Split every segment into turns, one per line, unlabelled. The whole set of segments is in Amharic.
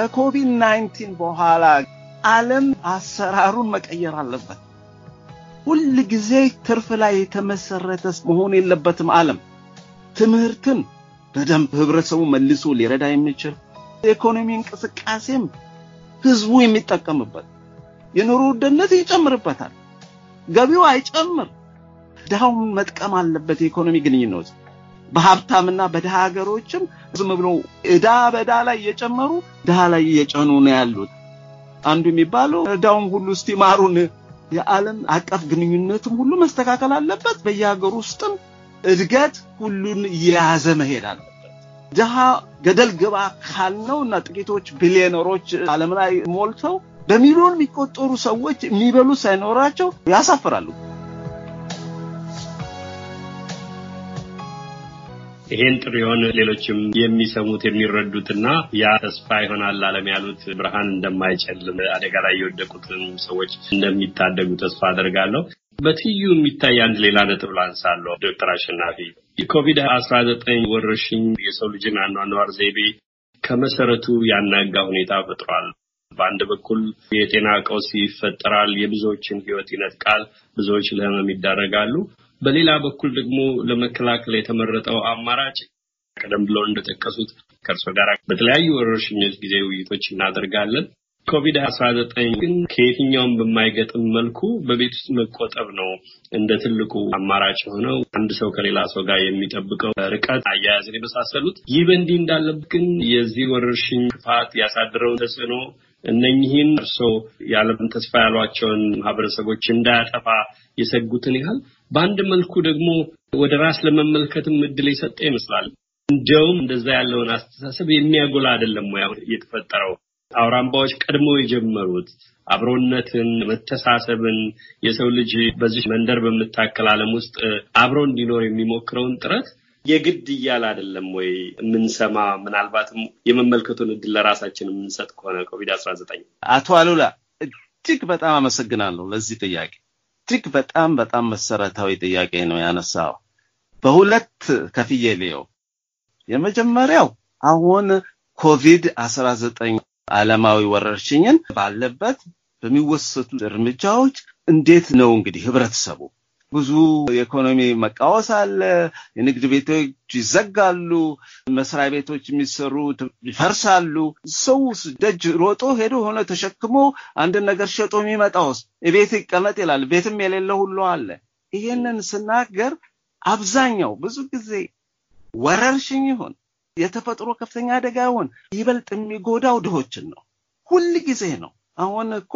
ከኮቪድ 19 በኋላ ዓለም አሰራሩን መቀየር አለበት። ሁል ጊዜ ትርፍ ላይ የተመሰረተ መሆን የለበትም። ዓለም ትምህርትን በደንብ ህብረተሰቡ መልሶ ሊረዳ የሚችል የኢኮኖሚ እንቅስቃሴም ህዝቡ የሚጠቀምበት የኑሮ ውድነት ይጨምርበታል። ገቢው አይጨምር፣ ድሃውን መጥቀም አለበት የኢኮኖሚ ግንኙነት በሀብታምና በድሃ ሀገሮችም ዝም ብሎ እዳ በዳ ላይ እየጨመሩ ድሃ ላይ እየጨኑ ነው ያሉት። አንዱ የሚባለው እዳውን ሁሉ እስቲ ማሩን። የዓለም አቀፍ ግንኙነትም ሁሉ መስተካከል አለበት። በየሀገር ውስጥም እድገት ሁሉን እየያዘ መሄድ አለበት። ድሃ ገደል ግባ ካልነው እና ጥቂቶች ቢሊዮነሮች ዓለም ላይ ሞልተው በሚሊዮን የሚቆጠሩ ሰዎች የሚበሉ ሳይኖራቸው ያሳፍራሉ።
ይሄን ጥሪውን ሌሎችም የሚሰሙት የሚረዱትና ያ ተስፋ ይሆናል አለም ያሉት ብርሃን እንደማይጨልም አደጋ ላይ የወደቁትን ሰዎች እንደሚታደጉ ተስፋ አደርጋለሁ። በትዩ የሚታይ አንድ ሌላ ነጥብ ላንሳለሁ። ዶክተር አሸናፊ የኮቪድ አስራ ዘጠኝ ወረርሽኝ የሰው ልጅን አኗኗር ዘይቤ ከመሰረቱ ያናጋ ሁኔታ ፈጥሯል። በአንድ በኩል የጤና ቀውስ ይፈጠራል፣ የብዙዎችን ህይወት ይነጥቃል፣ ብዙዎች ለህመም ይዳረጋሉ። በሌላ በኩል ደግሞ ለመከላከል የተመረጠው አማራጭ ቀደም ብለው እንደጠቀሱት ከእርሶ ጋር በተለያዩ ወረርሽኞች ጊዜ ውይይቶች እናደርጋለን። ኮቪድ አስራ ዘጠኝ ግን ከየትኛውም በማይገጥም መልኩ በቤት ውስጥ መቆጠብ ነው እንደ ትልቁ አማራጭ የሆነው አንድ ሰው ከሌላ ሰው ጋር የሚጠብቀው ርቀት፣ አያያዝን የመሳሰሉት። ይህ በእንዲህ እንዳለብ ግን የዚህ ወረርሽኝ ክፋት ያሳድረውን ተጽዕኖ እነኚህን እርስዎ የዓለም ተስፋ ያሏቸውን ማህበረሰቦች እንዳያጠፋ የሰጉትን ያህል በአንድ መልኩ ደግሞ ወደ ራስ ለመመልከትም እድል የሰጠ ይመስላል። እንዲያውም እንደዛ ያለውን አስተሳሰብ የሚያጎላ አይደለም ወይ አሁን የተፈጠረው? አውራምባዎች ቀድሞ የጀመሩት አብሮነትን፣ መተሳሰብን የሰው ልጅ በዚህ መንደር በምታከል ዓለም ውስጥ አብሮ እንዲኖር የሚሞክረውን ጥረት የግድ እያል አይደለም ወይ የምንሰማ? ምናልባትም የመመልከቱን እድል ለራሳችን የምንሰጥ ከሆነ ኮቪድ አስራ ዘጠኝ አቶ አሉላ እጅግ በጣም አመሰግናለሁ ለዚህ ጥያቄ። እጅግ በጣም በጣም መሰረታዊ
ጥያቄ ነው ያነሳው። በሁለት ከፍዬ ልየው። የመጀመሪያው አሁን ኮቪድ አስራ ዘጠኝ ወረርሽኝን ባለበት በሚወሰቱ እርምጃዎች እንዴት ነው እንግዲህ ህብረተሰቡ ብዙ የኢኮኖሚ መቃወስ አለ። የንግድ ቤቶች ይዘጋሉ፣ መስሪያ ቤቶች የሚሰሩ ይፈርሳሉ። ሰው ደጅ ሮጦ ሄዶ ሆነ ተሸክሞ አንድን ነገር ሸጦ የሚመጣውስ ቤት ይቀመጥ ይላል። ቤትም የሌለ ሁሉ አለ። ይህንን ስናገር አብዛኛው ብዙ ጊዜ ወረርሽኝ ይሁን የተፈጥሮ ከፍተኛ አደጋ ይሁን ይበልጥ የሚጎዳው ድሆችን ነው። ሁል ጊዜ ነው አሁን እኮ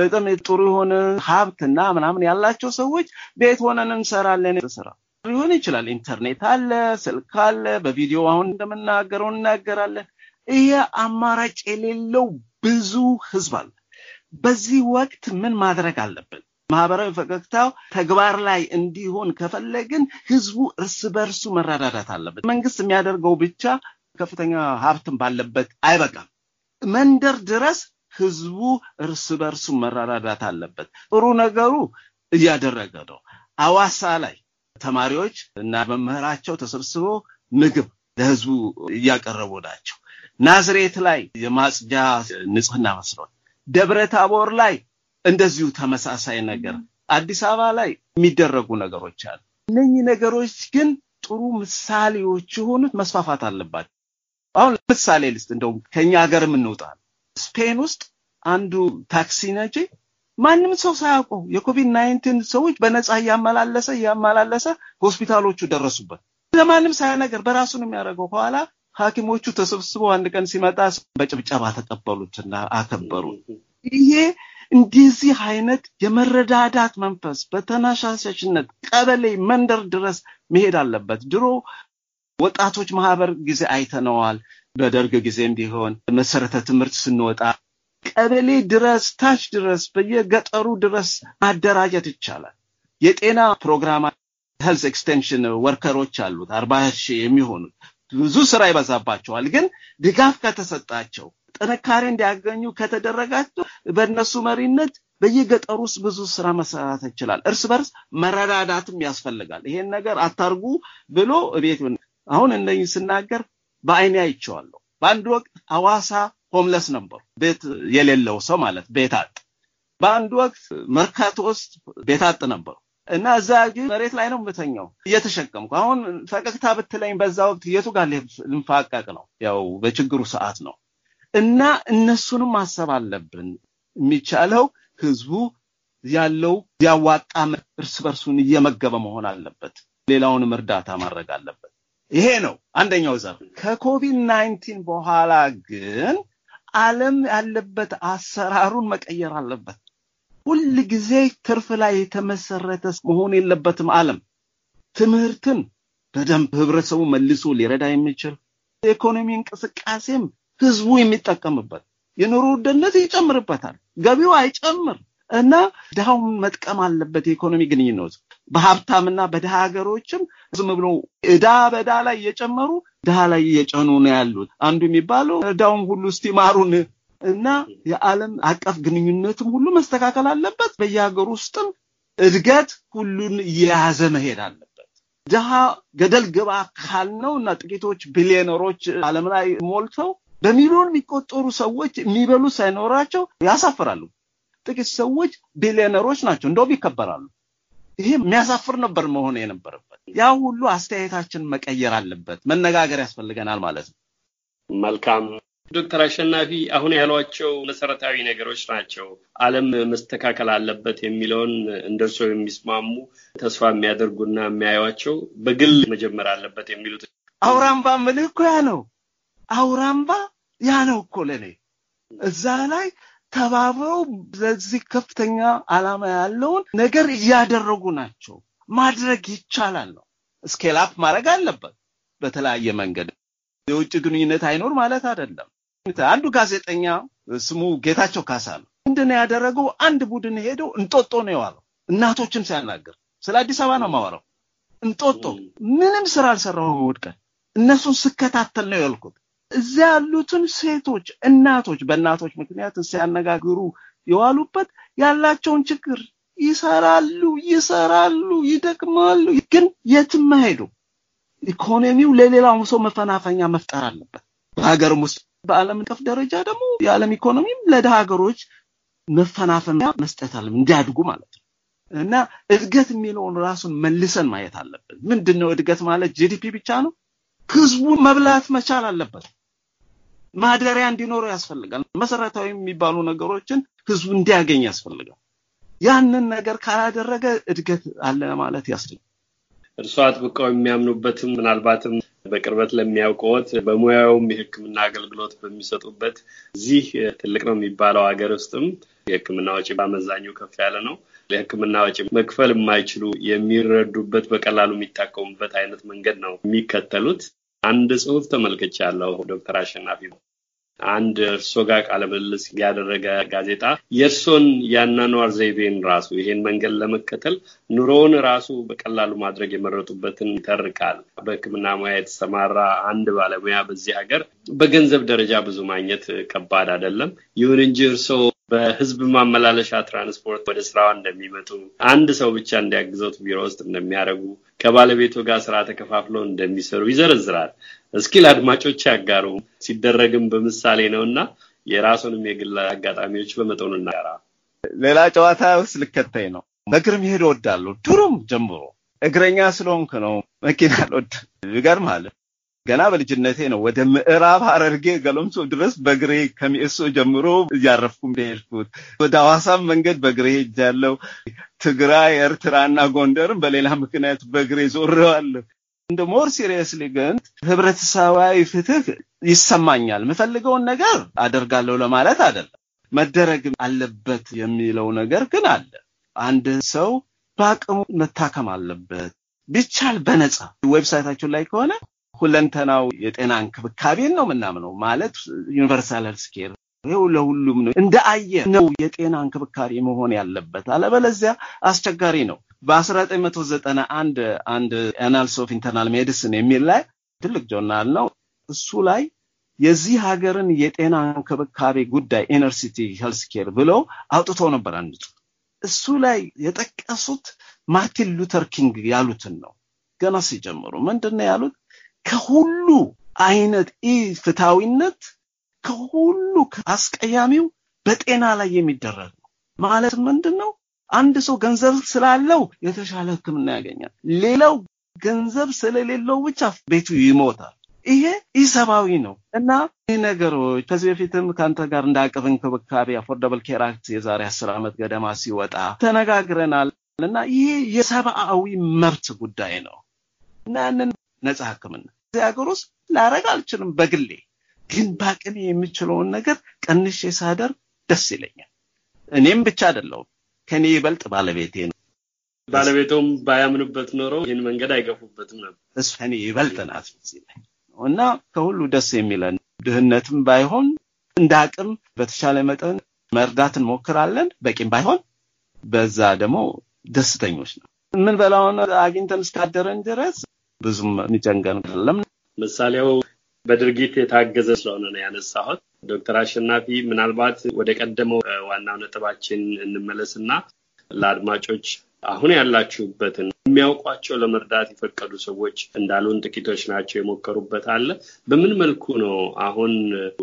በጣም ጥሩ የሆነ ሀብትና ምናምን ያላቸው ሰዎች ቤት ሆነን እንሰራለን ስራ ሊሆን ይችላል። ኢንተርኔት አለ፣ ስልክ አለ፣ በቪዲዮ አሁን እንደምናገረው እናገራለን። ይህ አማራጭ የሌለው ብዙ ህዝብ አለ። በዚህ ወቅት ምን ማድረግ አለብን? ማህበራዊ ፈገግታው ተግባር ላይ እንዲሆን ከፈለግን ህዝቡ እርስ በርሱ መረዳዳት አለበት። መንግስት የሚያደርገው ብቻ ከፍተኛ ሀብትን ባለበት አይበቃም። መንደር ድረስ ህዝቡ እርስ በርሱ መረዳዳት አለበት። ጥሩ ነገሩ እያደረገ ነው። አዋሳ ላይ ተማሪዎች እና መምህራቸው ተሰብስቦ ምግብ ለህዝቡ እያቀረቡ ናቸው። ናዝሬት ላይ የማጽጃ ንጽህና መስሏል። ደብረ ታቦር ላይ እንደዚሁ ተመሳሳይ ነገር፣ አዲስ አበባ ላይ የሚደረጉ ነገሮች አሉ። እነኚህ ነገሮች ግን ጥሩ ምሳሌዎች የሆኑት መስፋፋት አለባቸው። አሁን ምሳሌ ልስጥ፣ እንደውም ከኛ ሀገር የምንውጣል ስፔን ውስጥ አንዱ ታክሲ ነጂ ማንም ሰው ሳያውቀው የኮቪድ ናይንቲን ሰዎች በነፃ እያመላለሰ እያመላለሰ ሆስፒታሎቹ ደረሱበት። ለማንም ሳያነገር በራሱ ነው የሚያደርገው። በኋላ ሐኪሞቹ ተሰብስበው አንድ ቀን ሲመጣ በጭብጨባ ተቀበሉትና አከበሩት። ይሄ እንደዚህ አይነት የመረዳዳት መንፈስ በተነሳሳሽነት ቀበሌ፣ መንደር ድረስ መሄድ አለበት። ድሮ ወጣቶች ማህበር ጊዜ አይተነዋል። በደርግ ጊዜም ቢሆን መሰረተ ትምህርት ስንወጣ ቀበሌ ድረስ ታች ድረስ በየገጠሩ ድረስ ማደራጀት ይቻላል። የጤና ፕሮግራም ሄልዝ ኤክስቴንሽን ወርከሮች አሉት አርባ ሺህ የሚሆኑት ብዙ ስራ ይበዛባቸዋል። ግን ድጋፍ ከተሰጣቸው ጥንካሬ እንዲያገኙ ከተደረጋቸው በእነሱ መሪነት በየገጠሩ ውስጥ ብዙ ስራ መሰራት ይችላል። እርስ በርስ መረዳዳትም ያስፈልጋል። ይሄን ነገር አታርጉ ብሎ ቤት አሁን እነኝ ስናገር በአይኔ አይቼዋለሁ። በአንድ ወቅት ሐዋሳ ሆምለስ ነበሩ፣ ቤት የሌለው ሰው ማለት ቤት አጥ። በአንድ ወቅት መርካቶ ውስጥ ቤት አጥ ነበሩ እና እዛ ግን መሬት ላይ ነው የምተኛው እየተሸከምኩ። አሁን ፈገግታ ብትለኝ በዛ ወቅት የቱ ጋር ልንፋቀቅ ነው? ያው በችግሩ ሰዓት ነው እና እነሱንም ማሰብ አለብን። የሚቻለው ህዝቡ ያለው ያዋጣ እርስ በርሱን እየመገበ መሆን አለበት። ሌላውንም እርዳታ ማድረግ አለበት። ይሄ ነው አንደኛው ዘር ከኮቪድ ናይንቲን በኋላ ግን ዓለም ያለበት አሰራሩን መቀየር አለበት። ሁል ጊዜ ትርፍ ላይ የተመሰረተ መሆን የለበትም። ዓለም ትምህርትን በደንብ ህብረተሰቡ መልሶ ሊረዳ የሚችል የኢኮኖሚ እንቅስቃሴም ህዝቡ የሚጠቀምበት የኑሮ ውድነት ይጨምርበታል፣ ገቢው አይጨምር እና ድሃውን መጥቀም አለበት። የኢኮኖሚ ግንኙነት በሀብታምና በድሃ ሀገሮችም ዝም ብሎ እዳ በዳ ላይ እየጨመሩ ድሃ ላይ እየጨኑ ነው ያሉት። አንዱ የሚባለው እዳውን ሁሉ እስቲ ማሩን እና የዓለም አቀፍ ግንኙነትም ሁሉ መስተካከል አለበት። በየሀገር ውስጥም እድገት ሁሉን እየያዘ መሄድ አለበት። ድሃ ገደል ግባ ካልነው እና ጥቂቶች ቢሊዮነሮች ዓለም ላይ ሞልተው በሚሊዮን የሚቆጠሩ ሰዎች የሚበሉ ሳይኖራቸው ያሳፍራሉ። ጥቂት ሰዎች ቢሊዮነሮች ናቸው፣ እንደውም ይከበራሉ። ይሄ የሚያሳፍር ነበር መሆን የነበረበት። ያ ሁሉ አስተያየታችን መቀየር አለበት፣ መነጋገር ያስፈልገናል ማለት ነው።
መልካም ዶክተር አሸናፊ አሁን ያሏቸው መሰረታዊ ነገሮች ናቸው። ዓለም መስተካከል አለበት የሚለውን እንደርሶ የሚስማሙ ተስፋ የሚያደርጉና የሚያዩቸው በግል መጀመር አለበት የሚሉት
አውራምባ ምልህ እኮ ያ ነው። አውራምባ ያ ነው እኮ ለእኔ እዛ ላይ ተባብረው ለዚህ ከፍተኛ ዓላማ ያለውን ነገር እያደረጉ ናቸው። ማድረግ ይቻላል ነው። ስኬላፕ ማድረግ አለበት በተለያየ መንገድ። የውጭ ግንኙነት አይኖር ማለት አይደለም። አንዱ ጋዜጠኛ ስሙ ጌታቸው ካሳ ነው። ምንድን ያደረገው አንድ ቡድን ሄደው እንጦጦ ነው የዋለው። እናቶችን ሲያናገር ስለ አዲስ አበባ ነው ማወራው። እንጦጦ ምንም ስራ አልሰራው ወድቀን እነሱን ስከታተል ነው ያልኩት። እዚያ ያሉትን ሴቶች እናቶች በእናቶች ምክንያት ሲያነጋግሩ የዋሉበት ያላቸውን ችግር ይሰራሉ ይሰራሉ ይደክማሉ ግን የትም መሄዱ ኢኮኖሚው ለሌላውም ሰው መፈናፈኛ መፍጠር አለበት በሀገርም ውስጥ በአለም አቀፍ ደረጃ ደግሞ የዓለም ኢኮኖሚም ለደ ሀገሮች መፈናፈኛ መስጠት አለ እንዲያድጉ ማለት ነው እና እድገት የሚለውን ራሱን መልሰን ማየት አለበት ምንድነው እድገት ማለት ጂዲፒ ብቻ ነው ህዝቡ መብላት መቻል አለበት ማደሪያ እንዲኖረው ያስፈልጋል። መሰረታዊ የሚባሉ ነገሮችን
ህዝቡ እንዲያገኝ ያስፈልጋል።
ያንን ነገር ካላደረገ እድገት አለ ማለት ያስል
እርሷ አጥብቀው የሚያምኑበትም ምናልባትም በቅርበት ለሚያውቀዎት በሙያውም የሕክምና አገልግሎት በሚሰጡበት እዚህ ትልቅ ነው የሚባለው ሀገር ውስጥም የሕክምና ወጪ በአመዛኙ ከፍ ያለ ነው። ለሕክምና ወጪ መክፈል የማይችሉ የሚረዱበት፣ በቀላሉ የሚታከሙበት አይነት መንገድ ነው የሚከተሉት። አንድ ጽሁፍ ተመልክቻለሁ። ዶክተር አሸናፊ አንድ እርሶ ጋር ቃለምልልስ ያደረገ ጋዜጣ የእርሶን ያናኗር ዘይቤን ራሱ ይሄን መንገድ ለመከተል ኑሮውን ራሱ በቀላሉ ማድረግ የመረጡበትን ይተርካል። በሕክምና ሙያ የተሰማራ አንድ ባለሙያ በዚህ ሀገር በገንዘብ ደረጃ ብዙ ማግኘት ከባድ አይደለም። ይሁን እንጂ እርሶ በህዝብ ማመላለሻ ትራንስፖርት ወደ ስራዋ እንደሚመጡ አንድ ሰው ብቻ እንዲያግዘት ቢሮ ውስጥ እንደሚያደርጉ ከባለቤቱ ጋር ስራ ተከፋፍለው እንደሚሰሩ ይዘረዝራል። እስኪ ለአድማጮች ያጋሩ። ሲደረግም በምሳሌ ነው እና የራሱንም የግል አጋጣሚዎች በመጠኑ እናራ።
ሌላ ጨዋታ ውስጥ ልከተኝ ነው። በእግር መሄድ እወዳለሁ። ድሮም ጀምሮ እግረኛ ስለሆንክ ነው መኪና ልወድ ይገርምሃል። ገና በልጅነቴ ነው ወደ ምዕራብ ሐረርጌ ገለምሶ ድረስ በግሬ ከሚእሶ ጀምሮ እያረፍኩም ሄድኩት። ወደ ሐዋሳም መንገድ በግሬ ሄጃለሁ። ትግራይ፣ ኤርትራና ጎንደርም በሌላ ምክንያት በግሬ ዞረዋለሁ። እንደ ሞር ሲሪየስሊ ግን ህብረተሰባዊ ፍትህ ይሰማኛል። የምፈልገውን ነገር አደርጋለሁ ለማለት አይደለም፣ መደረግ አለበት የሚለው ነገር ግን አለ። አንድ ሰው በአቅሙ መታከም አለበት ቢቻል በነጻ ዌብሳይታችን ላይ ከሆነ ሁለንተናው የጤና እንክብካቤን ነው የምናምነው። ማለት ዩኒቨርሳል ሄልስ ኬር ይኸው ለሁሉም ነው፣ እንደ አየ ነው የጤና እንክብካቤ መሆን ያለበት። አለበለዚያ አስቸጋሪ ነው። በ1991 አንድ አናልስ ኦፍ ኢንተርናል ሜዲሲን የሚል ላይ ትልቅ ጆርናል ነው እሱ ላይ የዚህ ሀገርን የጤና እንክብካቤ ጉዳይ ኢነርሲቲ ሄልስኬር ብለው አውጥቶ ነበር አንድ እሱ ላይ የጠቀሱት ማርቲን ሉተር ኪንግ ያሉትን ነው። ገና ሲጀምሩ ምንድን ነው ያሉት? ከሁሉ አይነት ኢፍትሐዊነት ከሁሉ አስቀያሚው በጤና ላይ የሚደረግ ነው። ማለት ምንድን ነው? አንድ ሰው ገንዘብ ስላለው የተሻለ ሕክምና ያገኛል። ሌላው ገንዘብ ስለሌለው ብቻ ቤቱ ይሞታል። ይሄ ኢሰብአዊ ነው እና ይህ ነገሮች ከዚህ በፊትም ከአንተ ጋር እንደ አቅፍ እንክብካቤ አፎርደብል ኬር አክት የዛሬ አስር ዓመት ገደማ ሲወጣ ተነጋግረናል እና ይሄ የሰብአዊ መብት ጉዳይ ነው እና ያንን ነጻ ሕክምና እዚህ ሀገር ውስጥ ላረግ አልችልም በግሌ ግን በአቅሜ የምችለውን ነገር ቀንሼ ሳደርግ ደስ ይለኛል። እኔም ብቻ አይደለሁም፣ ከኔ ይበልጥ ባለቤቴ ነው።
ባለቤቶም ባያምንበት ኖረው ይህን መንገድ አይገፉበትም ነበር።
እሱ ከኔ ይበልጥ ናት እና ከሁሉ ደስ የሚለን ድህነትም ባይሆን እንደ አቅም በተሻለ መጠን መርዳት እንሞክራለን። በቂም ባይሆን በዛ ደግሞ ደስተኞች ነው። የምንበላውን አግኝተን እስካደረን ድረስ
ብዙም የሚጨንቀን አይደለም። ምሳሌው በድርጊት የታገዘ ስለሆነ ነው ያነሳሁት። ዶክተር አሸናፊ ምናልባት ወደ ቀደመው ዋናው ነጥባችን እንመለስና ለአድማጮች አሁን ያላችሁበትን የሚያውቋቸው ለመርዳት የፈቀዱ ሰዎች እንዳሉን ጥቂቶች ናቸው የሞከሩበት አለ። በምን መልኩ ነው አሁን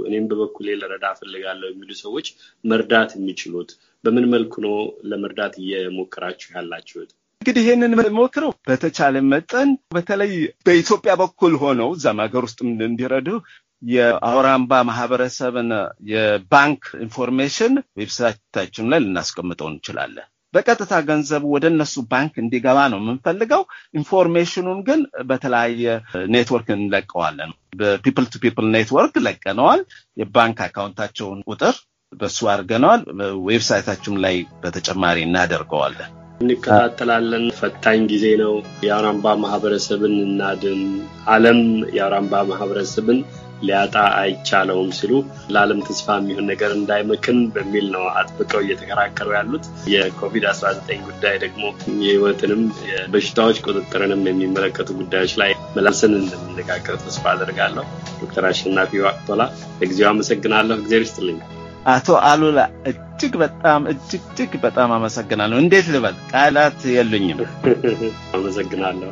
እኔም በበኩሌ ልረዳ እፈልጋለሁ የሚሉ ሰዎች መርዳት የሚችሉት? በምን መልኩ ነው ለመርዳት እየሞከራችሁ ያላችሁት?
እንግዲህ ይህንን ሞክረው በተቻለ መጠን በተለይ በኢትዮጵያ በኩል ሆነው እዛም ሀገር ውስጥ እንዲረዱ የአውራምባ ማህበረሰብን የባንክ ኢንፎርሜሽን ዌብሳይታችን ላይ ልናስቀምጠው እንችላለን። በቀጥታ ገንዘቡ ወደ እነሱ ባንክ እንዲገባ ነው የምንፈልገው። ኢንፎርሜሽኑን ግን በተለያየ ኔትወርክ እንለቀዋለን። በፒፕል ቱ ፒፕል ኔትወርክ ለቀነዋል። የባንክ አካውንታቸውን ቁጥር በሱ አድርገነዋል። ዌብሳይታችን ላይ በተጨማሪ እናደርገዋለን።
እንከታተላለን። ፈታኝ ጊዜ ነው። የአውራምባ ማህበረሰብን እናድን፣ ዓለም የአውራምባ ማህበረሰብን ሊያጣ አይቻለውም ሲሉ ለዓለም ተስፋ የሚሆን ነገር እንዳይመክን በሚል ነው አጥብቀው እየተከራከሩ ያሉት። የኮቪድ-19 ጉዳይ ደግሞ የህይወትንም የበሽታዎች ቁጥጥርንም የሚመለከቱ ጉዳዮች ላይ መላልሰን እንደምነጋገር ተስፋ አደርጋለሁ። ዶክተር አሸናፊ ዋቅቶላ ለጊዜው አመሰግናለሁ። እግዜር ይስጥልኝ።
አቶ አሉላ እጅግ በጣም እጅግ እጅግ በጣም አመሰግናለሁ። እንዴት ልበል? ቃላት የሉኝም። አመሰግናለሁ።